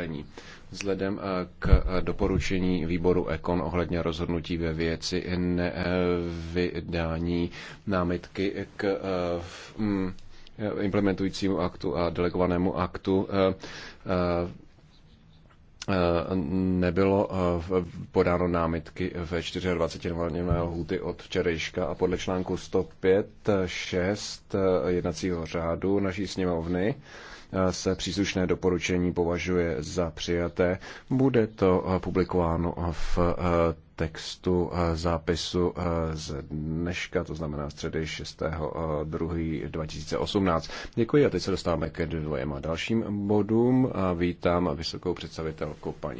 vysvětlení. Vzhledem eh, k eh, doporučení výboru Ekon ohledně rozhodnutí ve věci nevydání námitky k eh, mm, implementujícímu aktu a delegovanému aktu Eh, nebylo eh, podáno námitky ve 24 hodinové lhůty od včerejška a podle článku 105 6 eh, jednacího řádu naší sněmovny se příslušné doporučení považuje za přijaté. Bude to publikováno v textu eh, zápisu eh, z dneška, to znamená středy 6.2.2018. Eh, Děkuji a teď se dostáváme ke dvěma dalším bodům. Vítám vysokou představitelku paní